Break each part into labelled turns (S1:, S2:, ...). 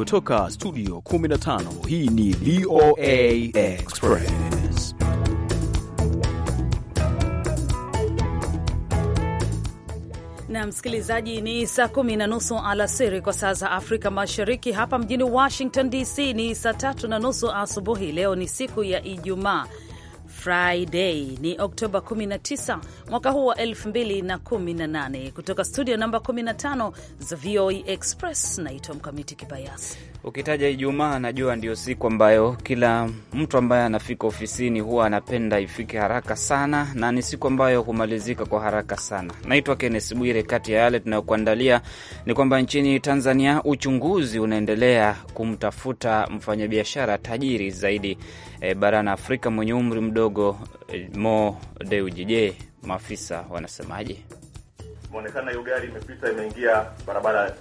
S1: kutoka studio 15 hii ni VOA Express.
S2: na msikilizaji, ni saa kumi na nusu alasiri kwa saa za Afrika Mashariki. Hapa mjini Washington DC ni saa tatu na nusu asubuhi. Leo ni siku ya Ijumaa Friday ni Oktoba 19 mwaka huu wa 2018, kutoka studio namba 15 za VOA e Express. Naitwa Mkamiti Kibayasi.
S3: Ukitaja Ijumaa, najua ndio siku ambayo kila mtu ambaye anafika ofisini huwa anapenda ifike haraka sana, na ni siku ambayo humalizika kwa haraka sana. Naitwa Kennes Bwire. Kati ya yale tunayokuandalia ni kwamba nchini Tanzania uchunguzi unaendelea kumtafuta mfanyabiashara tajiri zaidi eh, barani Afrika mwenye umri mdogo eh, Mo Deuji. Je, maafisa wanasemaje?
S4: Imeonekana hiyo gari imepita imeingia barabara ya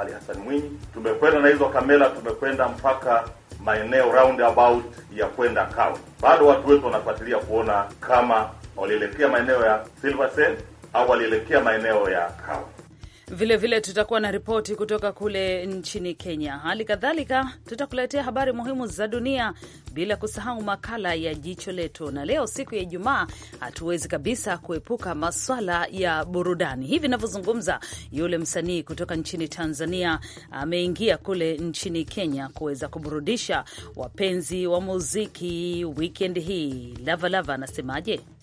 S4: Ali Hassan Mwinyi. Tumekwenda na hizo kamera, tumekwenda mpaka maeneo roundabout ya kwenda Kawe. Bado watu wetu wanafuatilia kuona kama walielekea maeneo ya Silversen au walielekea maeneo ya Kawe.
S2: Vilevile vile tutakuwa na ripoti kutoka kule nchini Kenya. Hali kadhalika tutakuletea habari muhimu za dunia, bila kusahau makala ya jicho letu. Na leo siku ya Ijumaa, hatuwezi kabisa kuepuka maswala ya burudani. Hivi ninavyozungumza, yule msanii kutoka nchini Tanzania ameingia kule nchini Kenya kuweza kuburudisha wapenzi wa muziki wikendi hii. Lavalava anasemaje? Lava,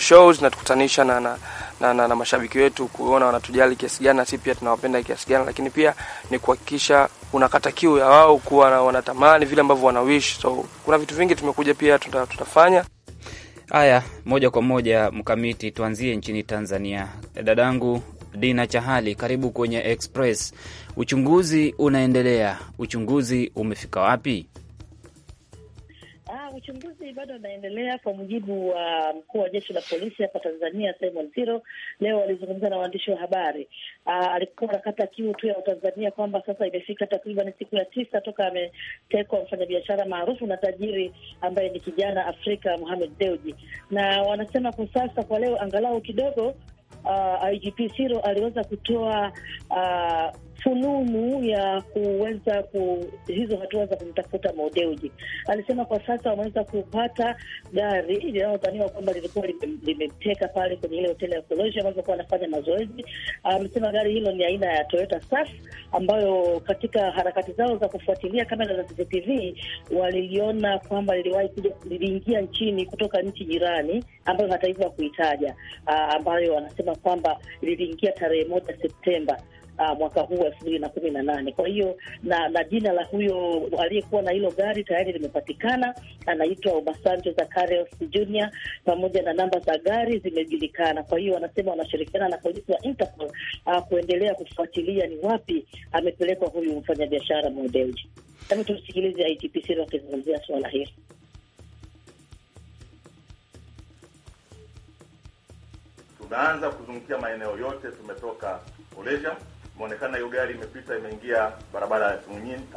S1: shows na tukutanisha na, na, na, na, na mashabiki wetu kuona wanatujali kiasi gani na sisi pia tunawapenda kiasi gani, lakini pia ni kuhakikisha unakata kiu ya wao kuwa na, wanatamani vile ambavyo wanawish. So kuna vitu vingi tumekuja pia tuta, tutafanya
S3: haya moja kwa moja. Mkamiti, tuanzie nchini Tanzania. Dadangu Dina Chahali, karibu kwenye Express. Uchunguzi unaendelea, uchunguzi umefika wapi?
S5: uchunguzi bado unaendelea kwa mujibu wa mkuu wa jeshi la polisi hapa Tanzania, Simon Ziro, leo alizungumza na waandishi wa habari. Ah, alikuwa anakata kiu tu ya Watanzania kwamba sasa imefika takriban siku ya tisa toka ametekwa mfanyabiashara maarufu na tajiri ambaye ni kijana Afrika Mohamed Deuji, na wanasema kwa sasa, kwa leo angalau kidogo, uh, ah, IGP Siro aliweza kutoa uh, fununu ya kuweza ku hizo hatua za kumtafuta Modeuji. Alisema kwa sasa wameweza kupata gari linalodhaniwa kwamba lilikuwa limemteka pale kwenye ile hoteli ya Kolosi alikuwa anafanya mazoezi. Amesema gari hilo ni aina ya Toyota Surf ambayo katika harakati zao za kufuatilia kamera za CCTV waliliona kwamba liliwahi kuja, liliingia nchini kutoka nchi jirani ambayo hata hivyo hakuitaja, ambayo wanasema kwamba liliingia tarehe moja Septemba uh, mwaka huu elfu mbili na kumi na nane. Kwa hiyo na, na jina la huyo aliyekuwa na hilo gari tayari limepatikana, anaitwa Obasanjo Zakarios Junior, pamoja na namba za gari zimejulikana. Kwa hiyo wanasema wanashirikiana na polisi wa Interpol uh, kuendelea kufuatilia ni wapi amepelekwa huyu mfanyabiashara Mbelji. Hebu tumsikilize IGP Sirro akizungumzia suala hili.
S4: Tunaanza kuzungukia maeneo yote, tumetoka Olesia kuonekana hiyo gari imepita imeingia barabara ya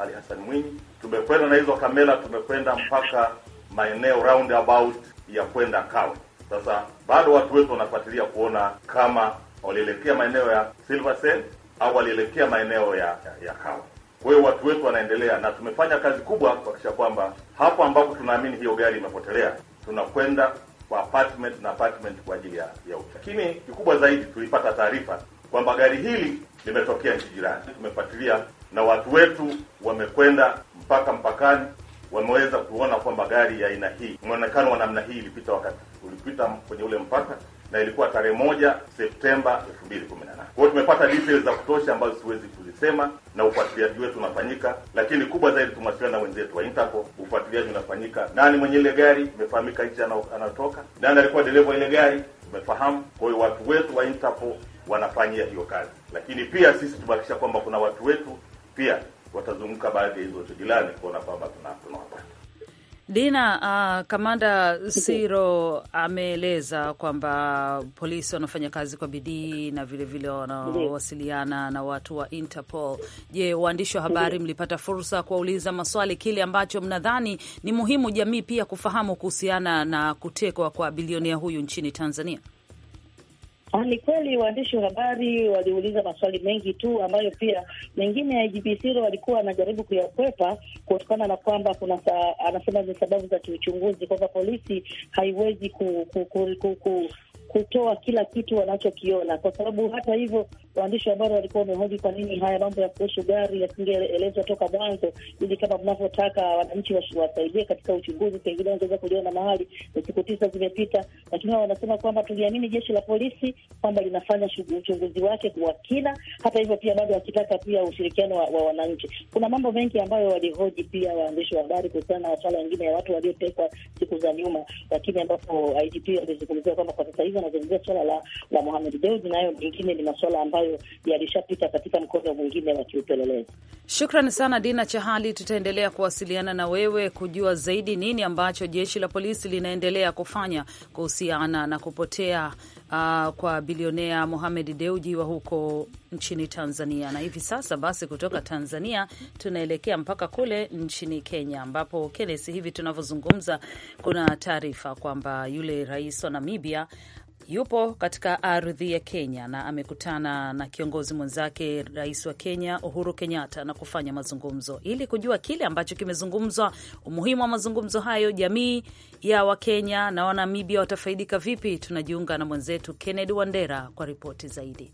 S4: Ali Hassan Mwinyi. Tumekwenda na hizo kamera, tumekwenda mpaka maeneo roundabout ya kwenda Kawe. Sasa bado watu wetu wanafuatilia kuona kama walielekea maeneo ya Silversen au walielekea maeneo ya, ya, ya Kawe. Kwa hiyo watu wetu wanaendelea, na tumefanya kazi kubwa kuhakikisha kwamba hapo ambapo tunaamini hiyo gari imepotelea tunakwenda kwa apartment na apartment kwa ajili ya, ya Lakini kikubwa zaidi tulipata taarifa kwamba gari hili limetokea nchi jirani. Tumefuatilia na watu wetu wamekwenda mpaka mpakani, wameweza kuona kwamba gari ya aina hii, mwonekano wa namna hii ilipita wakati ulipita kwenye ule mpaka na ilikuwa tarehe moja Septemba 2018. Kwa hiyo tumepata details za kutosha ambazo siwezi kuzisema, na ufuatiliaji wetu unafanyika, lakini kubwa zaidi tumewasiliana na wenzetu wa Interpol, ufuatiliaji unafanyika. Nani mwenye ile gari, imefahamika nchi anatoka, nani alikuwa dereva ile gari, umefahamu. Kwa hiyo watu wetu wa Interpol wanafanyia hiyo kazi, lakini pia sisi tumehakikisha kwamba kuna watu wetu pia watazunguka baadhi ya hizo hotelini kuona kwamba tunawapata.
S2: Dina, uh, Kamanda Siro ameeleza kwamba polisi wanafanya kazi kwa bidii na vilevile wanawasiliana na watu wa Interpol. Je, waandishi wa habari mlipata fursa kuwauliza maswali kile ambacho mnadhani ni muhimu jamii pia kufahamu kuhusiana na kutekwa kwa bilionea huyu nchini Tanzania?
S5: Ah, ni kweli waandishi wa habari waliuliza maswali mengi tu ambayo pia mengine ya IGP walikuwa wanajaribu kuyakwepa kutokana na kwamba kuna saa, anasema ni sababu za kiuchunguzi kwamba polisi haiwezi ku, ku, ku, ku, ku, kutoa kila kitu wanachokiona, kwa sababu hata hivyo waandishi wa habari walikuwa wamehoji kwa nini haya mambo ya kuhusu gari yasingeelezwa toka mwanzo, ili kama mnavyotaka wananchi wasaidie katika uchunguzi, pengine wangeweza kuliona mahali na siku tisa zimepita. Lakini hao wanasema kwamba tuliamini jeshi la polisi kwamba linafanya uchunguzi wake wa kina. Hata hivyo, pia bado wakitaka pia ushirikiano wa, wa wananchi. Kuna mambo mengi ambayo walihoji pia waandishi wa habari kuhusiana na masuala mengine ya watu waliotekwa siku za nyuma, lakini ambapo IGP alizungumzia kwamba kwa sasa hivi hizo anazungumzia swala la la Mohamed Dewji, nayo lingine ni masuala ambayo yalishapita katika mkondo mwingine wa kiupelelezi.
S2: Shukrani sana Dina Chahali, tutaendelea kuwasiliana na wewe kujua zaidi nini ambacho jeshi la polisi linaendelea kufanya kuhusiana na kupotea uh, kwa bilionea Mohamed deuji wa huko nchini Tanzania. Na hivi sasa basi, kutoka Tanzania tunaelekea mpaka kule nchini Kenya, ambapo Kenneth, hivi tunavyozungumza, kuna taarifa kwamba yule rais wa Namibia yupo katika ardhi ya Kenya na amekutana na kiongozi mwenzake rais wa Kenya Uhuru Kenyatta na kufanya mazungumzo ili kujua kile ambacho kimezungumzwa, umuhimu wa mazungumzo hayo, jamii ya Wakenya na Wanamibia watafaidika vipi. Tunajiunga na mwenzetu Kennedy Wandera kwa ripoti zaidi.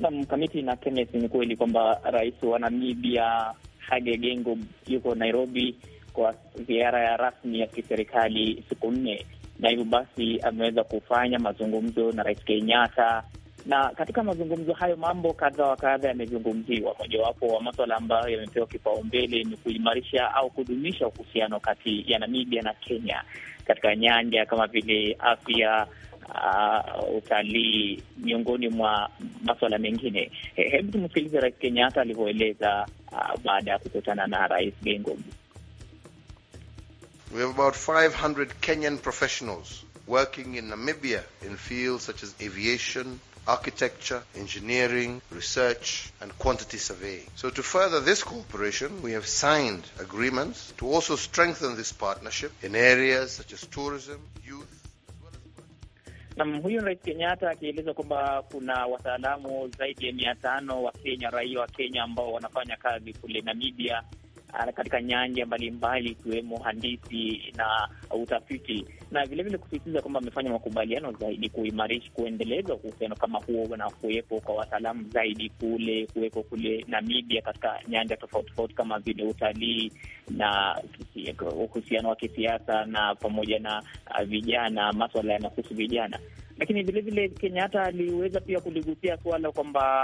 S6: Nam Kamiti na Kenneth, ni kweli kwamba rais wa Namibia Hage Geingob yuko Nairobi kwa ziara ya rasmi ya kiserikali siku nne na hivyo basi ameweza kufanya mazungumzo na Rais Kenyatta na katika mazungumzo hayo mambo kadha wa kadha yamezungumziwa. Mojawapo wa maswala ambayo yamepewa kipaumbele ni kuimarisha au kudumisha uhusiano kati ya Namibia na Kenya katika nyanja kama vile afya, uh, utalii, miongoni mwa maswala mengine. Hebu tumsikilize Rais Kenyatta alivyoeleza uh, baada ya kukutana na Rais Gengo
S4: We have about 500 Kenyan professionals working in Namibia in fields such as aviation, architecture, engineering, research, and quantity surveying. So, to further this cooperation, we have signed agreements to also strengthen this partnership in areas such as tourism,
S6: youth. Nam, huyu Rais Kenyatta akieleza kwamba kuna wataalamu zaidi ya mia tano wa Kenya, raia wa Kenya ambao wanafanya kazi kule Namibia Eh, katika nyanja mbalimbali ikiwemo handisi na utafiti, na vilevile kusisitiza kwamba amefanya makubaliano zaidi kuimarisha, kuendeleza uhusiano kama huo na kuwepo kwa wataalamu zaidi kule, kuwepo kule Namibia katika nyanja tofauti tofauti kama vile utalii na uhusiano wa kisiasa na pamoja na eh, vijana, maswala yanahusu vijana lakini vilevile Kenyatta aliweza pia kuligusia suala kwamba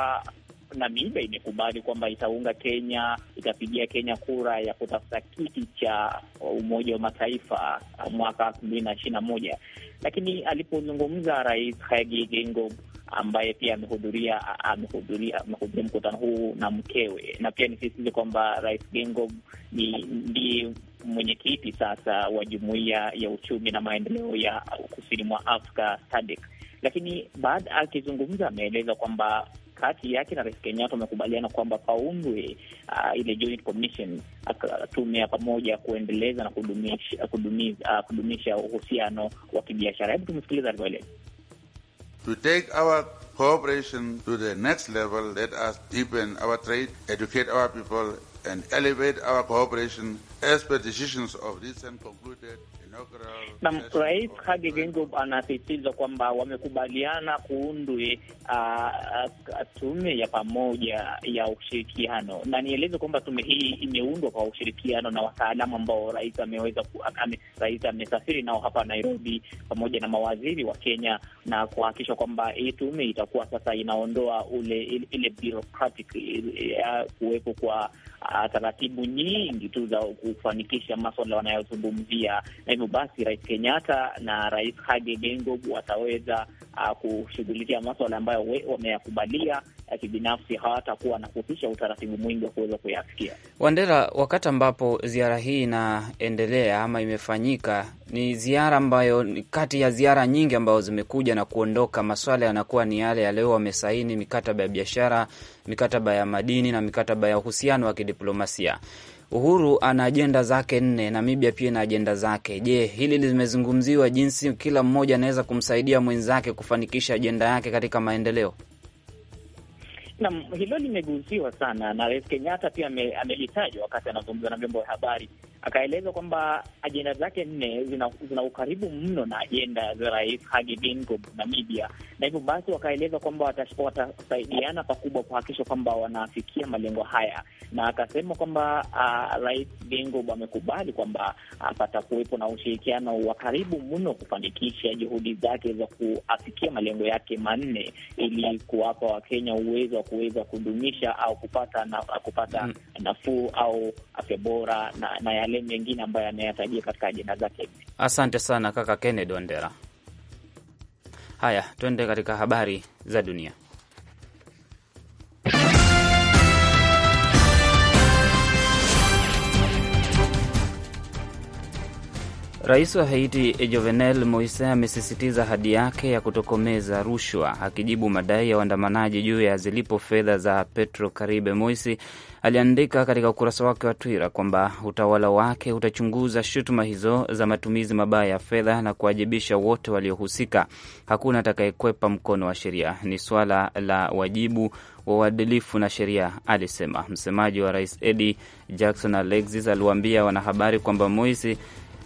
S6: Namibia imekubali kwamba itaunga Kenya, itapigia Kenya kura ya kutafuta kiti cha Umoja wa Mataifa mwaka elfu mbili na ishirini na moja, lakini alipozungumza Rais Hage Geingob ambaye pia amehudhuria amehudhuria amehudhuria mkutano huu na mkewe, na pia nisisitize kwamba Rais Geingob ni ndiye mwenyekiti sasa wa Jumuiya ya Uchumi na Maendeleo ya Kusini mwa Afrika, SADC. Lakini baada akizungumza ameeleza kwamba kati yake na Rais Kenyatta wamekubaliana kwamba paundwe uh, ile joint commission uh, tume ya pamoja kuendeleza na kudumisha kudumisha, uh, kudumisha uhusiano wa kibiashara. Hebu tumsikiliza alivyoeleza.
S2: To take our cooperation to the next level, let us deepen our trade, educate our people and elevate our cooperation as per decisions of
S6: recent concluded Naam, Rais Hage Geingob anasisitiza kwamba wamekubaliana kuundwe ah, ah, tume ya pamoja ya ushirikiano, na nieleze kwamba tume hii imeundwa kwa ushirikiano na wataalamu ambao rais ameweza rais amesafiri nao hapa Nairobi pamoja na mawaziri wa Kenya na kuhakikisha kwamba hii tume itakuwa sasa inaondoa ule ile bureaucratic eh, eh, kuwepo kwa uh, taratibu nyingi tu za kufanikisha maswala wanayozungumzia, na hivyo basi Rais Kenyatta na Rais Hage Geingob wataweza uh, kushughulikia maswala ambayo wameyakubalia kibinafsi hawatakuwa wanafupisha utaratibu mwingi wa kuweza kuyafikia.
S3: Wandera, wakati ambapo ziara hii inaendelea ama imefanyika, ni ziara ambayo kati ya ziara nyingi ambazo zimekuja na kuondoka, maswala yanakuwa ni yale ya leo, wamesaini mikataba ya biashara, mikataba ya madini na mikataba ya uhusiano wa kidiplomasia. Uhuru ana ajenda zake nne, Namibia pia ina ajenda zake. Je, hili limezungumziwa jinsi kila mmoja anaweza kumsaidia mwenzake kufanikisha ajenda yake katika maendeleo?
S6: Naam, hilo limegusiwa sana na Rais Kenyatta pia amelitaja wakati anazungumza na vyombo vya habari akaeleza kwamba ajenda zake nne zina, zina ukaribu mno na ajenda za Rais Hage Geingob Namibia, na hivyo basi wakaeleza kwamba watasaidiana pakubwa kuhakikisha kwamba wanafikia malengo haya, na akasema kwamba uh, Rais Geingob amekubali kwamba uh, patakuwepo na ushirikiano wa karibu mno kufanikisha juhudi zake za kuafikia malengo yake manne ili kuwapa Wakenya uwezo wa kuweza kudumisha au kupata na, kupata mm. nafuu au afya bora na, na yale mengine ambayo ameyatajia katika ajenda zake.
S3: Asante sana kaka Kennedy Ondera. Haya, tuende katika habari za dunia. Rais wa Haiti Jovenel Moise amesisitiza hadi yake ya kutokomeza rushwa, akijibu madai ya waandamanaji juu ya zilipo fedha za Petro Karibe. Moise aliandika katika ukurasa wake wa Twitter kwamba utawala wake utachunguza shutuma hizo za matumizi mabaya ya fedha na kuwajibisha wote waliohusika. Hakuna atakayekwepa mkono wa sheria, ni swala la wajibu wa uadilifu na sheria, alisema. Msemaji wa rais Edi Jackson Alexis aliwaambia wanahabari kwamba Moise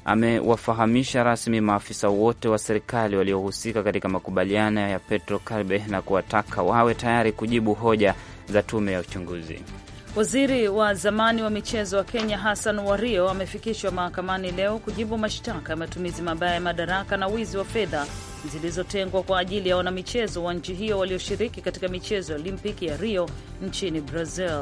S3: amewafahamisha rasmi maafisa wote wa serikali waliohusika katika makubaliano ya Petro Karbe na kuwataka wawe tayari kujibu hoja za tume ya uchunguzi.
S2: Waziri wa zamani wa michezo wa Kenya Hassan Wario amefikishwa mahakamani leo kujibu mashtaka ya matumizi mabaya ya madaraka na wizi wa fedha zilizotengwa kwa ajili ya wanamichezo wa nchi hiyo walioshiriki katika michezo ya Olimpiki ya Rio nchini Brazil.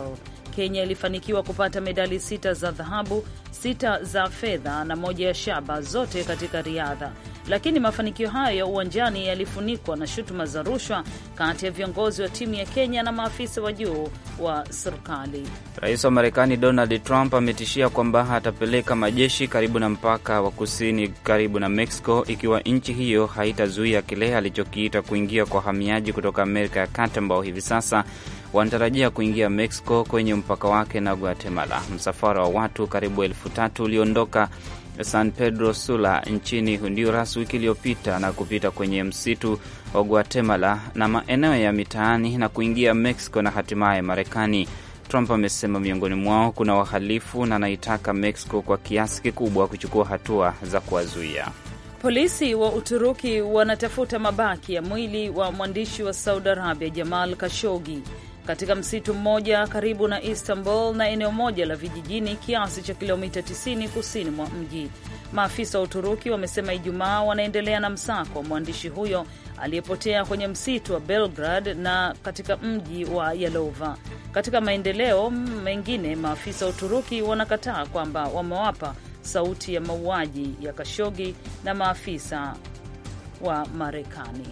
S2: Kenya ilifanikiwa kupata medali sita za dhahabu, sita za fedha na moja ya shaba, zote katika riadha. Lakini mafanikio hayo ya uwanjani yalifunikwa na shutuma za rushwa kati ya viongozi wa timu ya Kenya na maafisa wa juu wa serikali.
S3: Rais wa Marekani Donald Trump ametishia kwamba atapeleka majeshi karibu na mpaka wa kusini karibu na Mexico ikiwa nchi hiyo haitazuia kile alichokiita kuingia kwa wahamiaji kutoka Amerika ya kati ambao hivi sasa wanatarajia kuingia Mexico kwenye mpaka wake na Guatemala. Msafara wa watu karibu elfu tatu uliondoka San Pedro Sula nchini Honduras wiki iliyopita na kupita kwenye msitu wa Guatemala na maeneo ya mitaani na kuingia Mexico na hatimaye Marekani. Trump amesema miongoni mwao kuna wahalifu na anaitaka Mexico kwa kiasi kikubwa kuchukua hatua za kuwazuia.
S2: Polisi wa Uturuki wanatafuta mabaki ya mwili wa mwandishi wa Saudi Arabia Jamal Kashogi katika msitu mmoja karibu na Istanbul na eneo moja la vijijini kiasi cha kilomita 90 kusini mwa mji. Maafisa wa Uturuki wamesema Ijumaa wanaendelea na msako wa mwandishi huyo aliyepotea kwenye msitu wa Belgrad na katika mji wa Yalova. Katika maendeleo mengine, maafisa wa Uturuki wanakataa kwamba wamewapa sauti ya mauaji ya Kashogi na maafisa wa Marekani.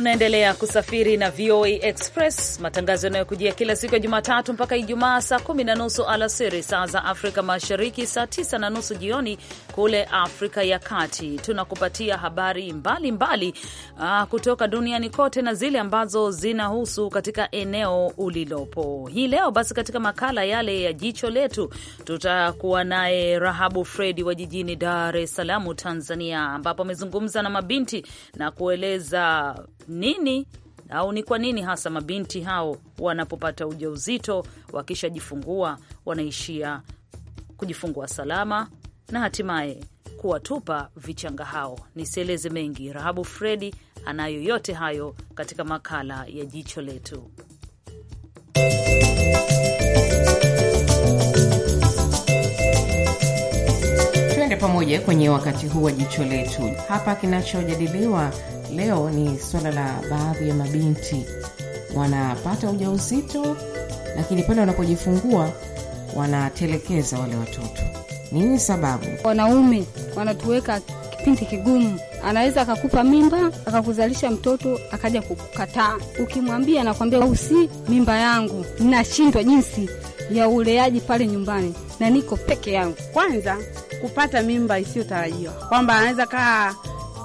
S2: unaendelea kusafiri na VOA Express, matangazo yanayokujia kila siku ya Jumatatu mpaka Ijumaa saa kumi na nusu alasiri saa za Afrika Mashariki, saa tisa na nusu jioni kule Afrika ya Kati. Tunakupatia habari mbalimbali mbali, ah, kutoka duniani kote na zile ambazo zinahusu katika eneo ulilopo hii leo. Basi katika makala yale ya jicho letu tutakuwa naye Rahabu Fredi wa jijini Dar es Salaam, Tanzania, ambapo amezungumza na mabinti na kueleza nini au ni kwa nini hasa mabinti hao wanapopata ujauzito wakishajifungua wanaishia kujifungua salama na hatimaye kuwatupa vichanga hao. Nisieleze mengi, Rahabu Fredi anayo yote hayo katika makala ya Jicho Letu.
S7: tuende pamoja kwenye wakati huu wa Jicho Letu. Hapa kinachojadiliwa leo ni swala la baadhi ya mabinti wanapata ujauzito, lakini pale wanapojifungua wanatelekeza wale watoto. Nini sababu? Wanaume wanatuweka kipindi kigumu. Anaweza akakupa mimba akakuzalisha mtoto akaja kukataa, ukimwambia nakwambia usi, mimba yangu nashindwa jinsi ya uleaji pale nyumbani na niko peke yangu. Kwanza kupata mimba isiyotarajiwa, kwamba anaweza kaa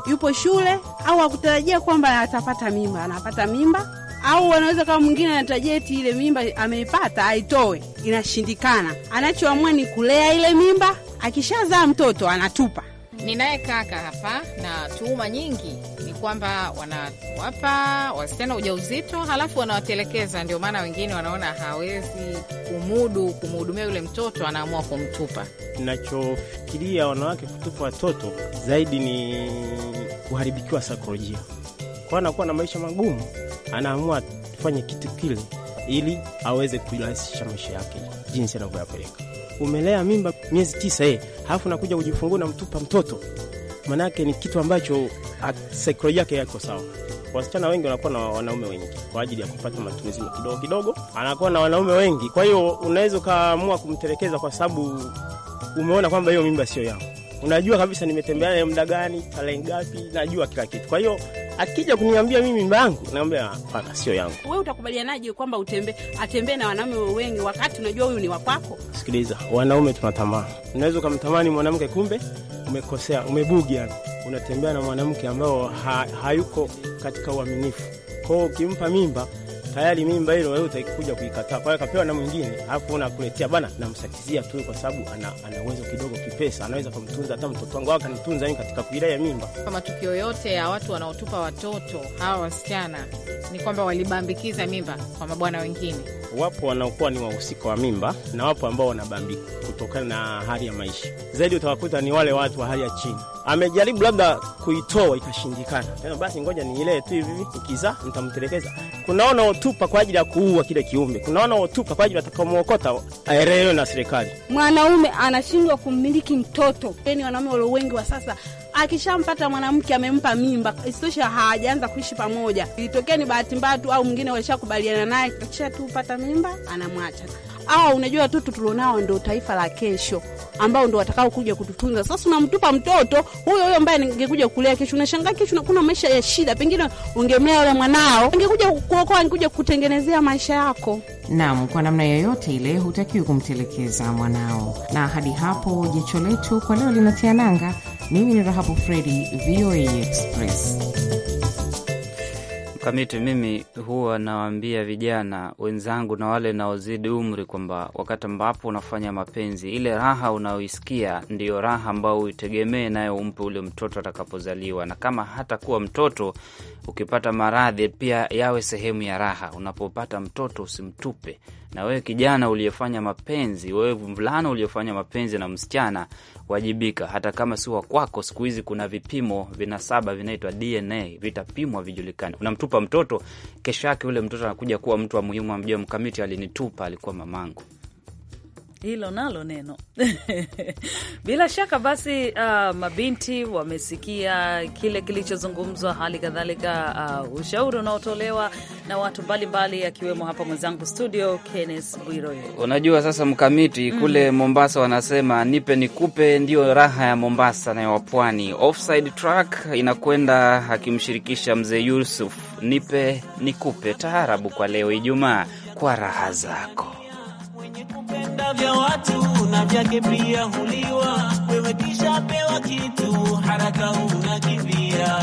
S7: yupo shule au akutarajia kwamba atapata mimba, anapata mimba, au wanaweza kama mwingine anatarajia eti ile mimba ameipata aitoe, inashindikana. Anachoamua ni kulea ile mimba, akishazaa mtoto anatupa. Ninaye kaka hapa, na tuhuma nyingi ni kwamba wanawapa wasichana ujauzito halafu wanawatelekeza. Ndio maana wengine wanaona hawezi
S1: kumudu kumhudumia yule mtoto, anaamua kumtupa. Ninachofikiria wanawake kutupa watoto zaidi ni kuharibikiwa saikolojia kwao, anakuwa na maisha magumu, anaamua kufanya kitu kile ili aweze kuirahisisha maisha yake jinsi anavyoyapeleka. Umelea mimba miezi tisa eh, halafu nakuja kujifungua na mtupa mtoto, manake ni kitu ambacho ah, saikolojia yake yako sawa. Wasichana wengi wanakuwa na wanaume wengi kwa ajili ya kupata matumizi kidogo kidogo, anakuwa na wanaume wengi. Kwa hiyo unaweza ukaamua kumtelekeza kwa sababu umeona kwamba hiyo mimba sio yao unajua kabisa nimetembea naye muda gani, tarehe ngapi, najua kila kitu. Kwa hiyo akija kuniambia mimi mimba yangu, naambia hapana, sio yangu.
S7: Wewe utakubalianaje kwamba utembe atembee na wanaume wengi wakati unajua huyu ni wakwako?
S1: Sikiliza, wanaume tamaa, unaweza ukamtamani mwanamke, kumbe umekosea, umebugi, yani unatembea na mwanamke ambao ha, hayuko katika uaminifu kwao. Ukimpa mimba tayari mimba hilo wewe utakuja kuikataa. Kwa hiyo akapewa na mwingine, hapo nakuletea bana, namsakizia tu, kwa sababu ana ana uwezo kidogo kipesa, anaweza kumtunza hata mtoto wangu akanitunza mimi katika kuilea ya mimba. Kwa
S7: matukio yote ya watu wanaotupa watoto hawa wasichana ni kwamba walibambikiza mimba kwa mabwana wengine.
S1: Wapo wanaokuwa ni wahusika wa mimba na wapo ambao wanabambika kutokana na hali ya maisha. Zaidi utawakuta ni wale watu wa hali ya chini, amejaribu labda kuitoa ikashindikana, tena basi ngoja niilee tu hivi hivi, ikizaa nitamtelekeza. Kunaona wanaotupa kwa ajili ya kuua kile kiumbe, kuna wanaotupa kwa ajili watakamuokota aelelewe eh, na serikali.
S7: Mwanaume anashindwa kummiliki mtoto, yani wanaume walio wengi wa sasa akishampata mwanamke amempa mimba, isitosha hawajaanza kuishi pamoja, ilitokea ni bahati mbaya tu, au mwingine walishakubaliana naye, akishatupata mimba anamwacha aa, unajua watoto tulionao ndo taifa la kesho ambao ndo watakao kuja kututunza. Sasa unamtupa mtoto huyo huyo ambaye angekuja kulea kesho, unashangaa kesho kuna maisha ya shida, pengine ungemlea yule mwanao angekuja kuokoa, angekuja kutengenezea maisha yako. Naam, kwa namna yoyote ile hutakiwi kumtelekeza mwanao. Na hadi hapo jicho letu kwa leo linatia nanga. Mimi ni Rahabu Fredi, VOA Express.
S3: Kamiti, mimi huwa nawaambia vijana wenzangu na wale naozidi umri kwamba wakati ambapo unafanya mapenzi, ile raha unaoisikia ndiyo raha ambayo uitegemee nayo umpe ule mtoto atakapozaliwa, na kama hata kuwa mtoto ukipata maradhi pia yawe sehemu ya raha. Unapopata mtoto usimtupe na wewe kijana uliyefanya mapenzi, wewe mvulana uliyefanya mapenzi na msichana, wajibika. Hata kama si wa kwako, siku hizi kuna vipimo vina saba vinaitwa DNA, vitapimwa vijulikane. Unamtupa mtoto, kesho yake ule mtoto anakuja kuwa mtu wa muhimu, amjue mkamiti alinitupa, alikuwa mamangu.
S2: Hilo nalo neno bila shaka basi. Uh, mabinti wamesikia kile kilichozungumzwa, hali kadhalika uh, ushauri unaotolewa na watu mbalimbali, akiwemo hapa mwenzangu studio Kenneth Bwiro.
S3: Unajua sasa mkamiti mm. kule mm, Mombasa wanasema nipe nikupe, ndiyo raha ya Mombasa na ya pwani. Offside track inakwenda akimshirikisha mzee Yusuf, nipe nikupe taarabu kwa leo Ijumaa kwa raha zako
S8: Vyakula vya watu na vyake pia huliwa, wewe kisha pewa kitu haraka unakivia.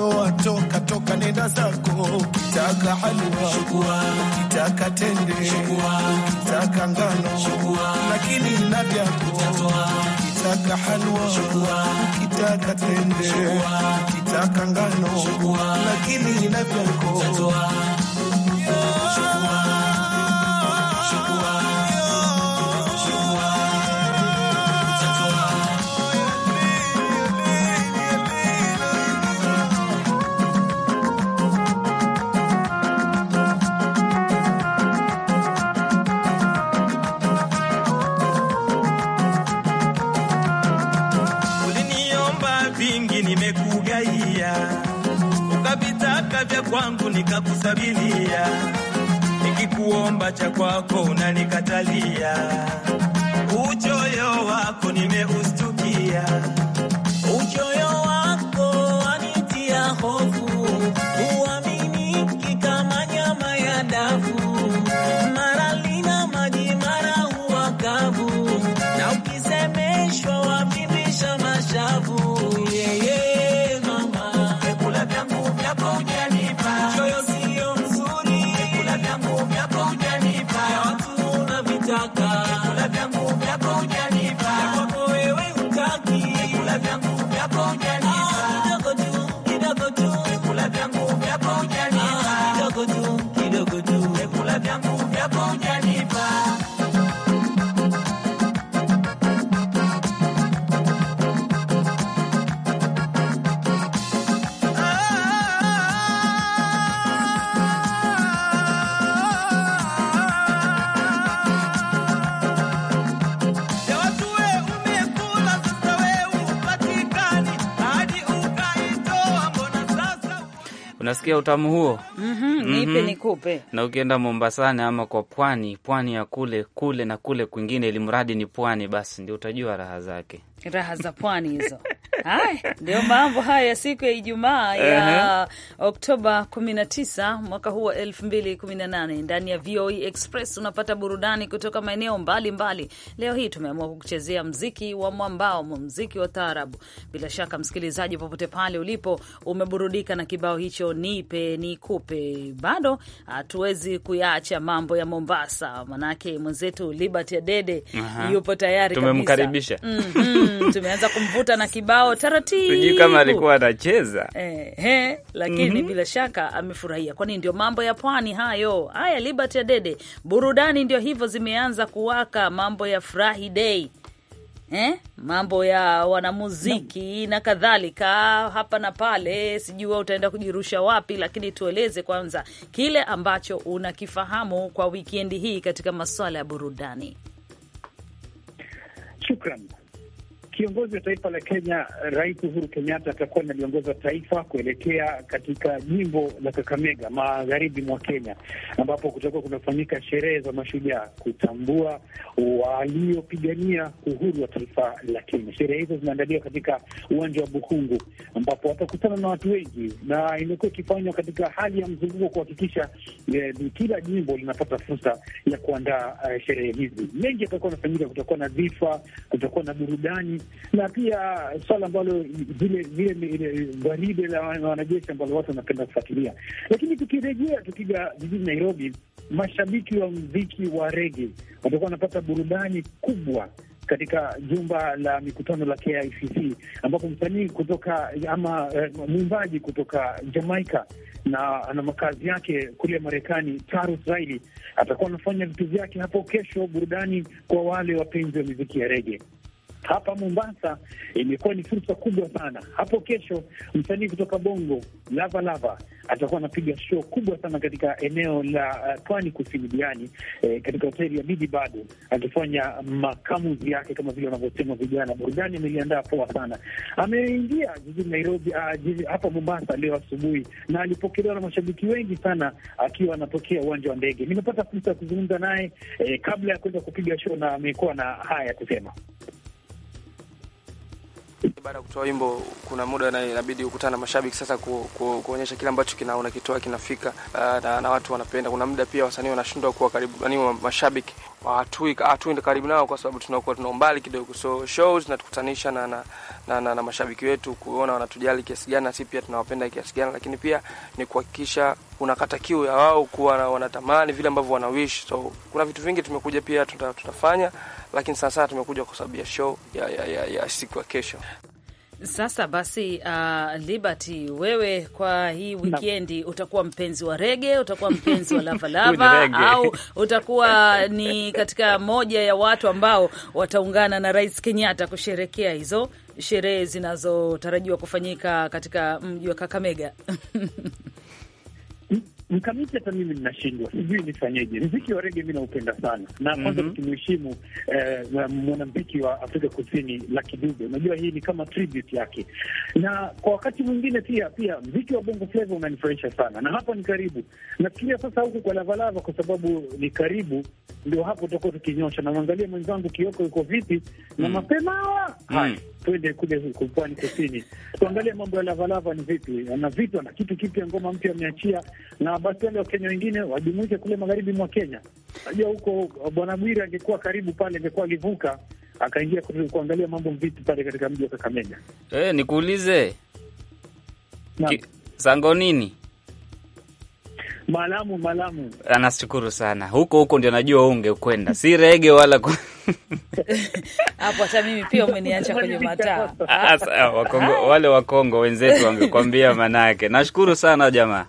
S8: toa, toka toka, nenda zako. Ukitaka halua shukua, ukitaka tende shukua, ukitaka ngano shukua, lakini na vyako utatoa. Ukitaka halua chukua, ukitaka tende shukua, ukitaka ngano shukua, lakini na vyako utatoa. vyakula vya kwangu nikakusabilia, nikikuomba cha kwako unanikatalia, uchoyo wako nime
S3: Unasikia utamu huo? mm -hmm, mm -hmm. Nipe nikupe. Na ukienda Mombasani ama kwa pwani, pwani ya kule kule na kule kwingine, ilimradi ni pwani, basi ndio utajua raha zake,
S2: raha za pwani hizo Hai, ndio mambo haya ya siku ya Ijumaa ya Oktoba 19 mwaka huu wa 2018. Ndani ya VOA e Express unapata burudani kutoka maeneo mbalimbali. Leo hii tumeamua kukuchezea mziki wa mwambao, mziki wa taarabu. Bila shaka, msikilizaji, popote pale ulipo, umeburudika na kibao hicho, nipe nikupe. Bado hatuwezi kuyaacha mambo ya Mombasa, manake mwenzetu Liberty Adede yupo tayari kabisa. Tumemkaribisha. Mm, -hmm. tumeanza kumvuta na kibao kibao taratibu, kama alikuwa
S3: anacheza eh,
S2: eh, lakini mm -hmm. bila shaka amefurahia, kwani ndio mambo ya pwani hayo. Haya, Liberty Adede, burudani ndio hivyo zimeanza kuwaka, mambo ya furahi dei Eh, mambo ya wanamuziki no. na kadhalika hapa na pale, sijua utaenda kujirusha wapi, lakini tueleze kwanza kile ambacho unakifahamu kwa wikendi hii katika masuala ya burudani.
S9: Shukran kiongozi wa taifa la Kenya, Rais Uhuru Kenyatta atakuwa analiongoza taifa kuelekea katika jimbo la Kakamega, magharibi mwa Kenya, ambapo kutakuwa kunafanyika sherehe za mashujaa kutambua waliopigania uhuru wa taifa la Kenya. Sherehe hizo zinaandaliwa katika uwanja wa Bukungu, ambapo watakutana na watu wengi, na imekuwa ikifanywa katika hali ya mzunguko kuhakikisha eh, kila jimbo linapata fursa ya kuandaa eh, sherehe hizi. Mengi yatakuwa anafanyika, kutakuwa na vifa kutakuwa na burudani na pia swala ambalo vile vile gwaride la wanajeshi ambalo watu wanapenda kufuatilia. Lakini tukirejea tukija jijini Nairobi, mashabiki wa mziki wa rege watakuwa wanapata burudani kubwa katika jumba la mikutano la KICC ambapo msanii kutoka ama eh, mwimbaji kutoka Jamaica na na makazi yake kule Marekani, Tarus Riley atakuwa anafanya vitu vyake hapo kesho, burudani kwa wale wapenzi wa miziki ya rege hapa Mombasa imekuwa ni fursa kubwa sana. Hapo kesho msanii kutoka Bongo Lava Lava atakuwa anapiga show kubwa sana katika eneo la uh, pwani kusini diani, eh, katika hoteli ya Bibi Bado akifanya makamuzi yake kama vile wanavyosema vijana. Burudani ameliandaa poa sana. Ameingia jijini Nairobi, uh, jiji, hapa Mombasa leo asubuhi na alipokelewa na mashabiki wengi sana akiwa anatokea uwanja wa ndege. Nimepata fursa ya kuzungumza naye eh, kabla ya kuweza kupiga show na amekuwa na haya ya kusema.
S1: Baada ya kutoa wimbo, kuna muda inabidi ukutana na mashabiki sasa, ku, ku, kuonyesha kile ambacho kina unakitoa kinafika, uh, na, na watu wanapenda. Kuna muda pia wasanii wanashindwa kuwa karibu, yani mashabiki hatuendi ah, karibu nao kwa sababu tunakuwa tuna umbali kidogo, so show zinatukutanisha na, na, na, na, na mashabiki wetu kuona wanatujali kiasi gani na sisi pia tunawapenda kiasi gani, lakini pia ni kuhakikisha unakata kiu ya wao kuwa wanatamani vile ambavyo wanawish. So kuna vitu vingi tumekuja pia tuta, tutafanya, lakini sanasana tumekuja kwa sababu ya show ya, ya, ya, ya siku ya kesho.
S2: Sasa basi, uh, Liberty, wewe kwa hii wikendi utakuwa mpenzi wa rege, utakuwa mpenzi wa lavalava au utakuwa ni katika moja ya watu ambao wataungana na Rais Kenyatta kusherekea hizo sherehe zinazotarajiwa kufanyika katika mji wa Kakamega?
S9: mkamiti, hata mimi ninashindwa, sijui nifanyeje. Mziki wa rege mi naupenda sana, na kwanza mhm. eh, mwanamziki wa Afrika Kusini Lucky Dube, unajua hii ni kama tribute yake, na kwa wakati mwingine pia pia mziki wa bongo flava unanifurahisha sana, na hapa ni karibu. Nafikiria sasa huku kwa Lavalava, kwa sababu ni karibu ndio hapo tutakuwa tukinyosha. Namwangalia mwenzangu Kioko yuko vipi na mm. mapema hawa mm. twende kule huko pwani kusini, tuangalie mambo ya Lavalava ni vipi, ana vitu ana kitu kipya, ngoma mpya ameachia, na basi wale Wakenya wengine wajumuike kule magharibi mwa Kenya. Najua huko Bwana bwiri angekuwa karibu pale, angekuwa alivuka akaingia kuangalia mambo vipi pale katika mji wa Kakamega.
S3: Hey, eh, nikuulize Ki, sango nini
S9: Malamu, Malamu.
S3: Anashukuru sana. Huko huko ndio najua ungekwenda, si rege wala ku...
S2: hapo hata mimi pia umeniacha kwenye mataa ah, ah, Wakongo,
S3: wale Wakongo wenzetu wangekwambia manake. Nashukuru sana jamaa.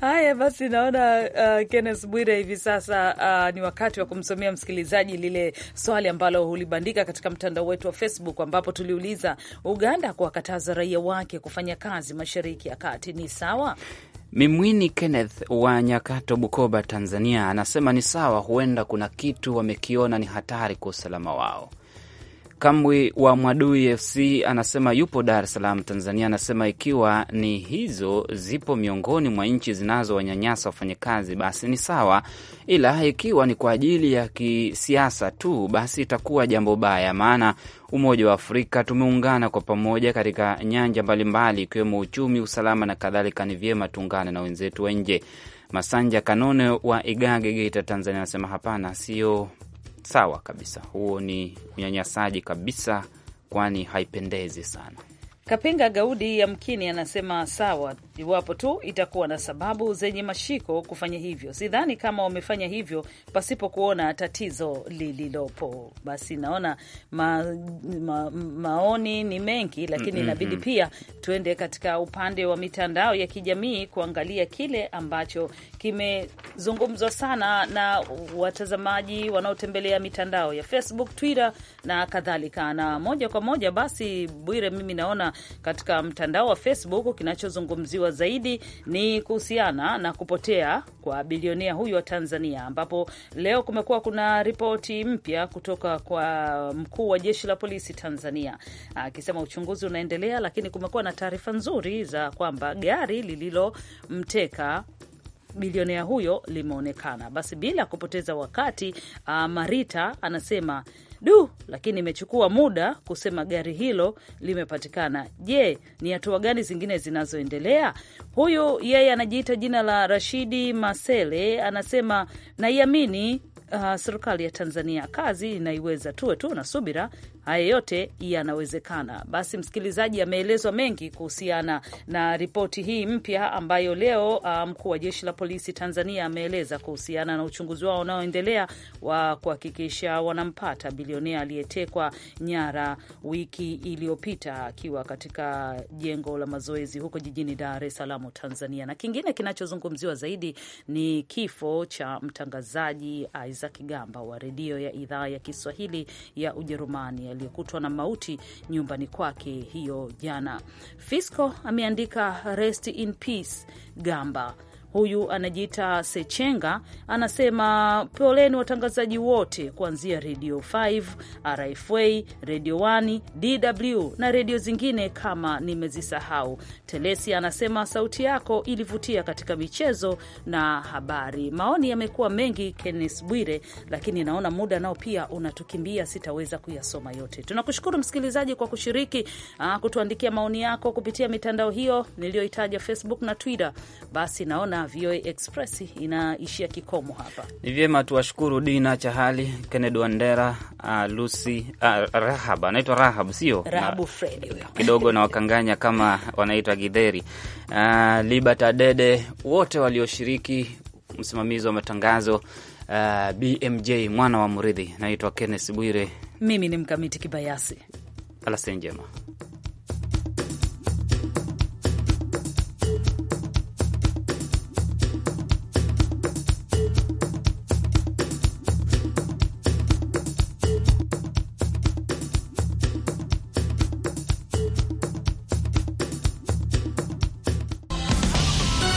S2: Haya basi, naona uh, Kennes Bwire, hivi sasa uh, ni wakati wa kumsomea msikilizaji lile swali ambalo hulibandika katika mtandao wetu wa Facebook ambapo tuliuliza Uganda kuwakataza raia wake kufanya kazi mashariki ya kati ni sawa?
S3: Mimwini Kenneth wa Nyakato, Bukoba, Tanzania, anasema ni sawa, huenda kuna kitu wamekiona ni hatari kwa usalama wao. Kambwi wa Mwadui FC anasema yupo Dar es Salaam, Tanzania. Anasema ikiwa ni hizo zipo miongoni mwa nchi zinazowanyanyasa wafanyakazi, basi ni sawa, ila ikiwa ni kwa ajili ya kisiasa tu, basi itakuwa jambo baya, maana Umoja wa Afrika tumeungana kwa pamoja katika nyanja mbalimbali ikiwemo uchumi, usalama na kadhalika. Ni vyema tuungane na wenzetu wa nje. Masanja Kanone wa Igage, Geita, Tanzania anasema hapana, sio sawa kabisa, huo ni unyanyasaji kabisa, kwani haipendezi sana.
S2: Kapinga Gaudi yamkini anasema sawa, iwapo tu itakuwa na sababu zenye mashiko kufanya hivyo. Sidhani kama wamefanya hivyo pasipo kuona tatizo lililopo. Basi naona ma, ma, maoni ni mengi, lakini mm -hmm. inabidi pia tuende katika upande wa mitandao ya kijamii kuangalia kile ambacho kimezungumzwa sana na watazamaji wanaotembelea mitandao ya Facebook, Twitter na kadhalika, na moja kwa moja basi, Bwire, mimi naona katika mtandao wa Facebook, kinachozungumziwa zaidi ni kuhusiana na kupotea kwa bilionea huyu wa Tanzania, ambapo leo kumekuwa kuna ripoti mpya kutoka kwa mkuu wa jeshi la polisi Tanzania akisema uchunguzi unaendelea, lakini kumekuwa na taarifa nzuri za kwamba gari lililomteka bilionea huyo limeonekana. Basi bila kupoteza wakati, uh, Marita anasema Du, lakini imechukua muda kusema gari hilo limepatikana. Je, ni hatua gani zingine zinazoendelea? Huyu yeye anajiita jina la Rashidi Masele, anasema naiamini uh, serikali ya Tanzania kazi inaiweza, tuwe tu na subira, haya yote yanawezekana. Basi msikilizaji, ameelezwa mengi kuhusiana na ripoti hii mpya ambayo leo uh, mkuu wa jeshi la polisi Tanzania ameeleza kuhusiana na uchunguzi wao unaoendelea wa kuhakikisha wanampata bilionea aliyetekwa nyara wiki iliyopita akiwa katika jengo la mazoezi huko jijini Dar es Salaam, Tanzania. Na kingine kinachozungumziwa zaidi ni kifo cha mtangazaji za kigamba wa redio ya idhaa ya Kiswahili ya Ujerumani aliyekutwa na mauti nyumbani kwake hiyo jana. Fisco ameandika rest in peace Gamba huyu anajiita Sechenga, anasema poleni watangazaji wote kuanzia Radio 5, RFA, Radio 1, DW na redio zingine kama nimezisahau. Telesi anasema sauti yako ilivutia katika michezo na habari. Maoni yamekuwa mengi, Kennes Bwire, lakini naona muda nao pia unatukimbia, sitaweza kuyasoma yote. Tunakushukuru msikilizaji kwa kushiriki, ah, kutuandikia maoni yako kupitia mitandao hiyo niliyoitaja, Facebook na Twitter. Basi naona VOA Express inaishia kikomo hapa.
S3: Ni vyema tuwashukuru Dina Chahali, Kennedy Wandera, uh, Lucy uh, Rahab anaitwa Rahab sio Rahabu Fred kidogo na wakanganya kama wanaitwa Gidheri, uh, Libata wote walioshiriki, msimamizi wa matangazo uh, BMJ mwana wa mridhi naitwa Kenneth Bwire,
S2: mimi ni Mkamiti Kibayasi.
S3: alasi njema.